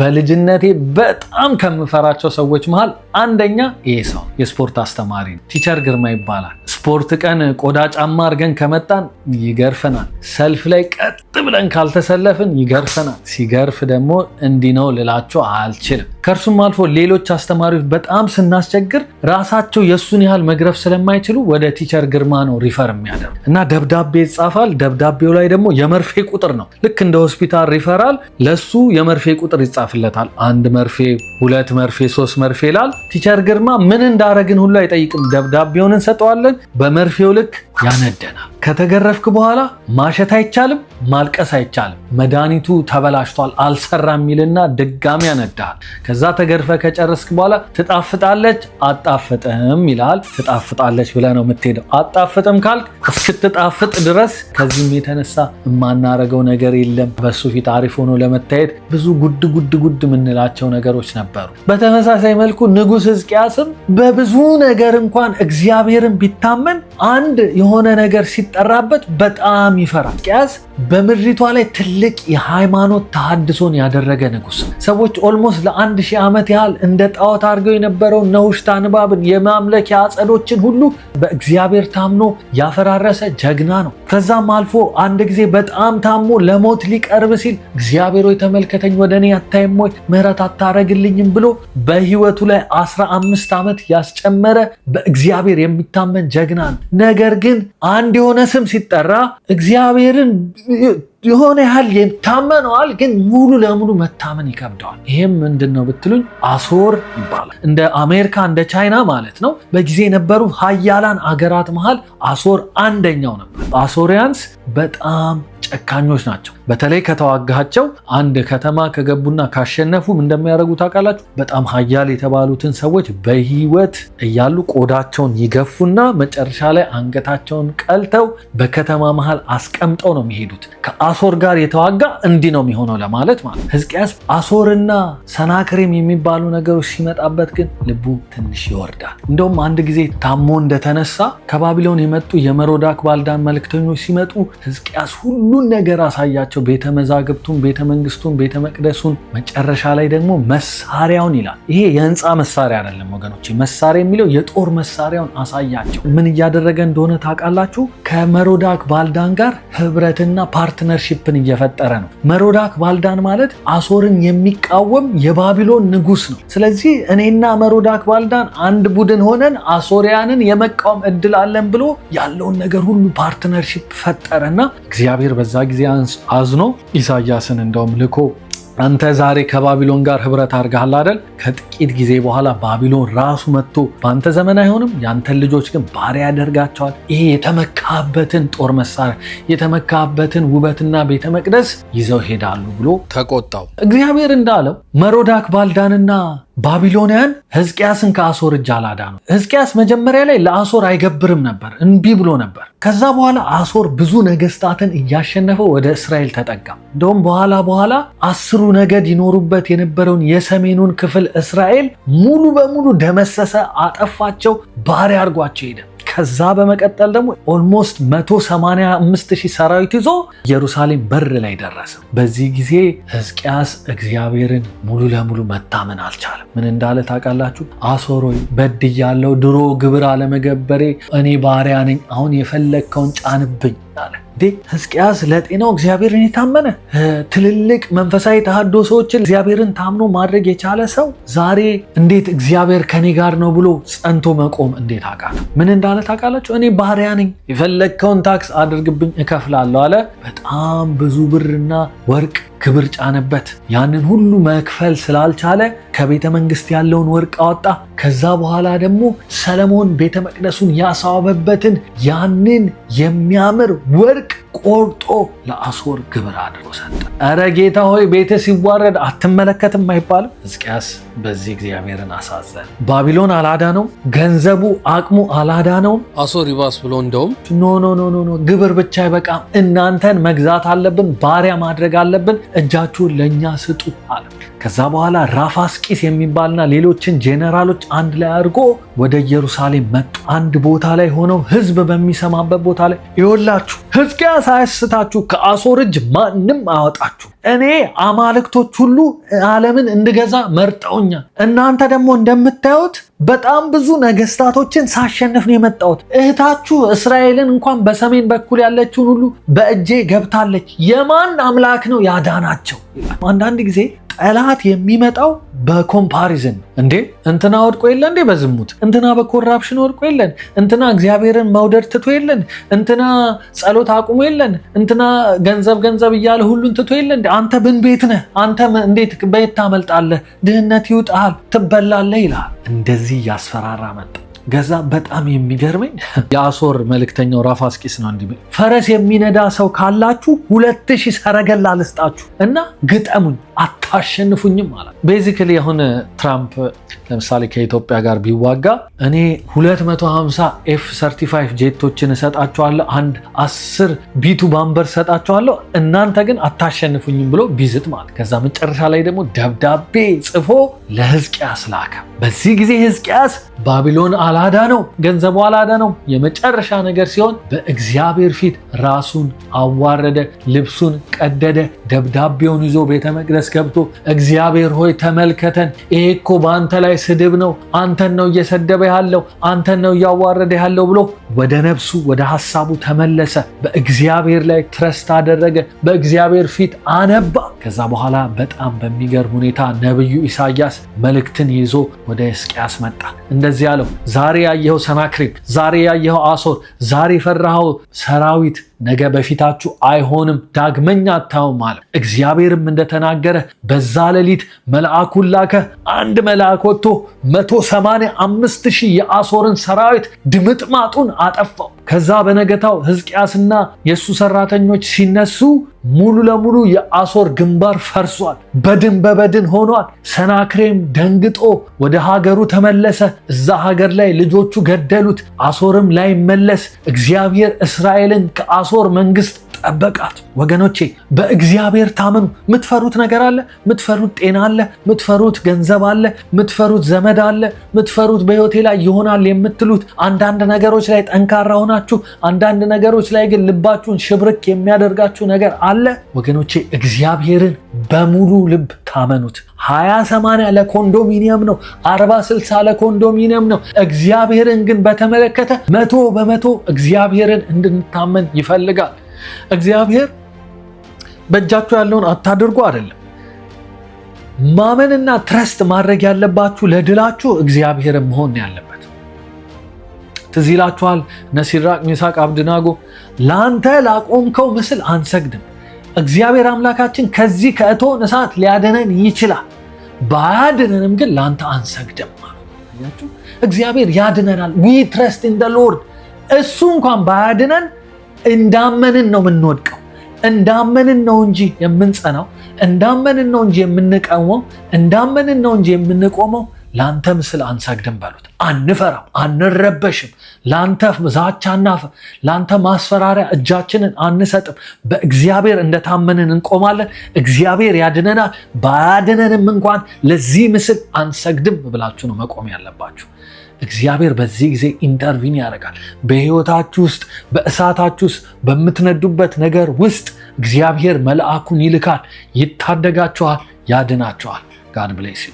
በልጅነቴ በጣም ከምፈራቸው ሰዎች መሃል አንደኛ ይሄ ሰው የስፖርት አስተማሪ ነው። ቲቸር ግርማ ይባላል። ስፖርት ቀን ቆዳ ጫማ አድርገን ከመጣን ይገርፈናል። ሰልፍ ላይ ቀጥ ብለን ካልተሰለፍን ይገርፈናል። ሲገርፍ ደግሞ እንዲህ ነው ልላቸው አልችልም። ከእርሱም አልፎ ሌሎች አስተማሪዎች በጣም ስናስቸግር ራሳቸው የእሱን ያህል መግረፍ ስለማይችሉ ወደ ቲቸር ግርማ ነው ሪፈር የሚያደርጉ እና ደብዳቤ ይጻፋል። ደብዳቤው ላይ ደግሞ የመርፌ ቁጥር ነው። ልክ እንደ ሆስፒታል ሪፈራል ለሱ የመርፌ ቁጥር ይጻፍለታል። አንድ መርፌ፣ ሁለት መርፌ፣ ሶስት መርፌ ይላል። ቲቸር ግርማ ምን እንዳረግን ሁሉ አይጠይቅም። ደብዳቤውን እንሰጠዋለን። በመርፌው ልክ ያነደናል። ከተገረፍክ በኋላ ማሸት አይቻልም፣ ማልቀስ አይቻልም። መድኃኒቱ ተበላሽቷል፣ አልሰራ የሚልና ድጋሚ ያነዳል። ከዛ ተገርፈ ከጨረስክ በኋላ ትጣፍጣለች፣ አጣፍጥም ይላል ትጣፍጣለች ብለህ ነው የምትሄደው። አጣፍጥም ካልክ እስክትጣፍጥ ድረስ ከዚህም የተነሳ የማናረገው ነገር የለም። በሱ ፊት አሪፍ ሆኖ ለመታየት ብዙ ጉድ ጉድ ጉድ የምንላቸው ነገሮች ነበሩ። በተመሳሳይ መልኩ ንጉሥ ሕዝቅያስም በብዙ ነገር እንኳን እግዚአብሔርን ቢታመን አንድ የሆነ ነገር ሲ ሲጠራበት በጣም ይፈራል። ቂያስ በምድሪቷ ላይ ትልቅ የሃይማኖት ተሃድሶን ያደረገ ንጉስ ሰዎች ኦልሞስት ለአንድ ሺህ ዓመት ያህል እንደ ጣዖት አድርገው የነበረውን ነውሽታ ንባብን የማምለኪያ አጸዶችን ሁሉ በእግዚአብሔር ታምኖ ያፈራረሰ ጀግና ነው። ከዛም አልፎ አንድ ጊዜ በጣም ታሞ ለሞት ሊቀርብ ሲል እግዚአብሔር ሆይ ተመልከተኝ፣ ወደ እኔ አታይም ወይ? ምሕረት አታረግልኝም ብሎ በህይወቱ ላይ 15 ዓመት ያስጨመረ በእግዚአብሔር የሚታመን ጀግና ነው። ነገር ግን አንድ የሆነ የሆነ ስም ሲጠራ እግዚአብሔርን የሆነ ያህል የታመነዋል፣ ግን ሙሉ ለሙሉ መታመን ይከብደዋል። ይህም ምንድን ነው ብትሉኝ አሶር ይባላል። እንደ አሜሪካ እንደ ቻይና ማለት ነው። በጊዜ የነበሩ ሀያላን አገራት መሃል አሶር አንደኛው ነበር። አሶሪያንስ በጣም ጨካኞች ናቸው። በተለይ ከተዋጋቸው አንድ ከተማ ከገቡና ካሸነፉ እንደሚያደርጉ ታውቃላችሁ። በጣም ሀያል የተባሉትን ሰዎች በህይወት እያሉ ቆዳቸውን ይገፉና መጨረሻ ላይ አንገታቸውን ቀልተው በከተማ መሃል አስቀምጠው ነው የሚሄዱት። ከአሶር ጋር የተዋጋ እንዲህ ነው የሚሆነው ለማለት ማለት። ህዝቅያስ አሶርና ሰናክሬም የሚባሉ ነገሮች ሲመጣበት ግን ልቡ ትንሽ ይወርዳል። እንደውም አንድ ጊዜ ታሞ እንደተነሳ ከባቢሎን የመጡ የመሮዳክ ባልዳን መልክተኞች ሲመጡ ህዝቅያስ ሁሉን ነገር አሳያቸው ናቸው። ቤተ መዛግብቱን፣ ቤተ መንግስቱን፣ ቤተ መቅደሱን መጨረሻ ላይ ደግሞ መሳሪያውን ይላል። ይሄ የህንፃ መሳሪያ አይደለም ወገኖች። መሳሪያ የሚለው የጦር መሳሪያውን አሳያቸው። ምን እያደረገ እንደሆነ ታውቃላችሁ? ከመሮዳክ ባልዳን ጋር ህብረትና ፓርትነርሽፕን እየፈጠረ ነው። መሮዳክ ባልዳን ማለት አሶርን የሚቃወም የባቢሎን ንጉስ ነው። ስለዚህ እኔና መሮዳክ ባልዳን አንድ ቡድን ሆነን አሶሪያንን የመቃወም እድል አለን ብሎ ያለውን ነገር ሁሉ ፓርትነርሽፕ ፈጠረና እግዚአብሔር በዛ ጊዜ አዝኖ ኢሳያስን እንደውም ልኮ አንተ ዛሬ ከባቢሎን ጋር ህብረት አድርገሃል አደል? ከጥቂት ጊዜ በኋላ ባቢሎን ራሱ መጥቶ በአንተ ዘመን አይሆንም፣ የአንተን ልጆች ግን ባሪያ ያደርጋቸዋል። ይሄ የተመካበትን ጦር መሳሪያ የተመካበትን ውበትና ቤተ መቅደስ ይዘው ሄዳሉ ብሎ ተቆጣው። እግዚአብሔር እንዳለው መሮዳክ ባልዳንና ባቢሎንያን ህዝቅያስን ከአሶር እጅ ነው። ህዝቅያስ መጀመሪያ ላይ ለአሶር አይገብርም ነበር፣ እንቢ ብሎ ነበር። ከዛ በኋላ አሶር ብዙ ነገስታትን እያሸነፈ ወደ እስራኤል ተጠጋ። እንደውም በኋላ በኋላ አስሩ ነገድ ይኖሩበት የነበረውን የሰሜኑን ክፍል እስራኤል ሙሉ በሙሉ ደመሰሰ፣ አጠፋቸው፣ ባሪያ አድርጓቸው ሄደ። ከዛ በመቀጠል ደግሞ ኦልሞስት 185 ሺህ ሰራዊት ይዞ ኢየሩሳሌም በር ላይ ደረሰ። በዚህ ጊዜ ህዝቅያስ እግዚአብሔርን ሙሉ ለሙሉ መታመን አልቻለም። ምን እንዳለ ታውቃላችሁ? አሶሮይ በድያለው፣ ድሮ ግብር አለመገበሬ፣ እኔ ባሪያ ነኝ፣ አሁን የፈለግከውን ጫንብኝ አለ። እንዴ ህዝቅያስ ለጤናው እግዚአብሔርን የታመነ ትልልቅ መንፈሳዊ ተሃድሶ ሰዎችን እግዚአብሔርን ታምኖ ማድረግ የቻለ ሰው ዛሬ እንዴት እግዚአብሔር ከኔ ጋር ነው ብሎ ጸንቶ መቆም እንዴት አቃተው? ምን እንዳለ ታውቃላችሁ? እኔ ባህሪያ ነኝ፣ የፈለግከውን ታክስ አድርግብኝ እከፍላለሁ አለ። በጣም ብዙ ብርና ወርቅ ክብር ጫነበት። ያንን ሁሉ መክፈል ስላልቻለ ከቤተ መንግስት ያለውን ወርቅ አወጣ። ከዛ በኋላ ደግሞ ሰለሞን ቤተ መቅደሱን ያስዋበበትን ያንን የሚያምር ወርቅ ቆርጦ ለአሶር ግብር አድርጎ ሰጠ። እረ ጌታ ሆይ ቤተ ሲዋረድ አትመለከትም አይባልም? ሕዝቅያስ በዚህ እግዚአብሔርን አሳዘን። ባቢሎን አላዳነውም፣ ገንዘቡ አቅሙ አላዳነውም። አሶር ይባስ ብሎ እንደውም ኖ ኖ ኖ ኖ ግብር ብቻ አይበቃም፣ እናንተን መግዛት አለብን፣ ባሪያ ማድረግ አለብን፣ እጃችሁን ለእኛ ስጡ አለ። ከዛ በኋላ ራፋስቂስ የሚባልና ሌሎችን ጄኔራሎች አንድ ላይ አድርጎ ወደ ኢየሩሳሌም መጡ። አንድ ቦታ ላይ ሆነው ህዝብ በሚሰማበት ቦታ ላይ ይወላችሁ፣ ሕዝቅያስ አያስታችሁ፣ ከአሶር እጅ ማንም አያወጣችሁ። እኔ አማልክቶች ሁሉ ዓለምን እንድገዛ መርጠውኛል። እናንተ ደግሞ እንደምታዩት በጣም ብዙ ነገስታቶችን ሳሸንፍ ነው የመጣሁት። እህታችሁ እስራኤልን እንኳን በሰሜን በኩል ያለችውን ሁሉ በእጄ ገብታለች። የማን አምላክ ነው ያዳናቸው? አንዳንድ ጊዜ ጠላት የሚመጣው በኮምፓሪዝን እንዴ እንትና ወድቆ የለ እንዴ በዝሙት እንትና በኮራፕሽን ወድቆ የለን እንትና እግዚአብሔርን መውደድ ትቶ የለን እንትና ጸሎት አቁሞ የለን እንትና ገንዘብ ገንዘብ እያለ ሁሉን ትቶ የለን አንተ ብን ቤት ነህ አንተ እንዴት በየት ታመልጣለህ ድህነት ይውጣል ትበላለህ ይላል። እንደዚህ እያስፈራራ መጣ ገዛ በጣም የሚገርመኝ የአሶር መልእክተኛው ራፋስቂስ ነው እንዲህ ፈረስ የሚነዳ ሰው ካላችሁ ሁለት ሺህ ሰረገላ ልስጣችሁ እና ግጠሙኝ አታሸንፉኝም አለ። ቤዚክሊ አሁን ትራምፕ ለምሳሌ ከኢትዮጵያ ጋር ቢዋጋ እኔ 250 ኤፍ 35 ጄቶችን እሰጣችኋለሁ፣ አንድ 10 ቢቱ ባምበር እሰጣችኋለሁ፣ እናንተ ግን አታሸንፉኝም ብሎ ቢዝት ማለት ከዛ መጨረሻ ላይ ደግሞ ደብዳቤ ጽፎ ለህዝቅያስ ላከ። በዚህ ጊዜ ህዝቅያስ ባቢሎን አላዳነው፣ ገንዘቡ አላዳነው። የመጨረሻ ነገር ሲሆን በእግዚአብሔር ፊት ራሱን አዋረደ፣ ልብሱን ቀደደ፣ ደብዳቤውን ይዞ ቤተ መቅደስ ገብቶ እግዚአብሔር ሆይ ተመልከተን፣ ይሄ እኮ በአንተ ላይ ስድብ ነው፣ አንተን ነው እየሰደበ ያለው፣ አንተን ነው እያዋረደ ያለው ብሎ ወደ ነፍሱ ወደ ሀሳቡ ተመለሰ። በእግዚአብሔር ላይ ትረስት አደረገ፣ በእግዚአብሔር ፊት አነባ። ከዛ በኋላ በጣም በሚገርም ሁኔታ ነቢዩ ኢሳያስ መልእክትን ይዞ ወደ ሕዝቅያስ መጣ። እንደዚህ አለው፣ ዛሬ ያየኸው ሰናክሪብ፣ ዛሬ ያየኸው አሶር፣ ዛሬ የፈራኸው ሰራዊት ነገ በፊታችሁ አይሆንም፣ ዳግመኛ አታውም አለ። ይላል። እግዚአብሔርም እንደተናገረ በዛ ሌሊት መልአኩን ላከ። አንድ መልአክ ወጥቶ መቶ ሰማንያ አምስት ሺህ ሰራዊት ድምጥማጡን አጠፋው። ከዛ በነገታው ሕዝቅያስና የእሱ ሰራተኞች ሲነሱ ሙሉ ለሙሉ የአሶር ግንባር ፈርሷል። በድን በበድን ሆኗል። ሰናክሬም ደንግጦ ወደ ሀገሩ ተመለሰ። እዛ ሀገር ላይ ልጆቹ ገደሉት። አሶርም ላይመለስ እግዚአብሔር እስራኤልን ከአሶር መንግስት ጠበቃት። ወገኖቼ በእግዚአብሔር ታመኑ የምትፈሩት ነገር አለ፣ የምትፈሩት ጤና አለ፣ የምትፈሩት ገንዘብ አለ፣ የምትፈሩት ዘመድ አለ፣ የምትፈሩት በህይወቴ ላይ ይሆናል የምትሉት አንዳንድ ነገሮች ላይ ጠንካራ ሆናችሁ፣ አንዳንድ ነገሮች ላይ ግን ልባችሁን ሽብርክ የሚያደርጋችሁ ነገር አለ። ወገኖቼ እግዚአብሔርን በሙሉ ልብ ታመኑት። ሀያ ሰማንያ ለኮንዶሚኒየም ነው። አርባ ስልሳ ለኮንዶሚኒየም ነው። እግዚአብሔርን ግን በተመለከተ መቶ በመቶ እግዚአብሔርን እንድንታመን ይፈልጋል። እግዚአብሔር በእጃችሁ ያለውን አታድርጉ አይደለም። ማመንና ትረስት ማድረግ ያለባችሁ ለድላችሁ እግዚአብሔር መሆን ያለበት። ትዝ ይላችኋል እነ ሲድራቅ፣ ሚሳቅ፣ አብድናጎ ለአንተ ላቆምከው ምስል አንሰግድም፣ እግዚአብሔር አምላካችን ከዚህ ከእቶን እሳት ሊያደነን ይችላል፣ ባያድነንም ግን ለአንተ አንሰግድም። እግዚአብሔር ያድነናል። ዊ ትረስት ኢን ዘ ሎርድ እሱ እንኳን ባያድነን እንዳመንን ነው የምንወድቀው። እንዳመንን ነው እንጂ የምንጸናው። እንዳመንን ነው እንጂ የምንቀመው። እንዳመንን ነው እንጂ የምንቆመው። ለአንተ ምስል አንሰግድም በሉት። አንፈራም፣ አንረበሽም። ለአንተ ዛቻና ለአንተ ማስፈራሪያ እጃችንን አንሰጥም። በእግዚአብሔር እንደታመንን እንቆማለን። እግዚአብሔር ያድነናል። ባያድነንም እንኳን ለዚህ ምስል አንሰግድም ብላችሁ ነው መቆም ያለባችሁ። እግዚአብሔር በዚህ ጊዜ ኢንተርቪን ያደርጋል። በህይወታችሁ ውስጥ በእሳታችሁ ውስጥ በምትነዱበት ነገር ውስጥ እግዚአብሔር መልአኩን ይልካል፣ ይታደጋችኋል፣ ያድናችኋል። ጋድ ብሌስ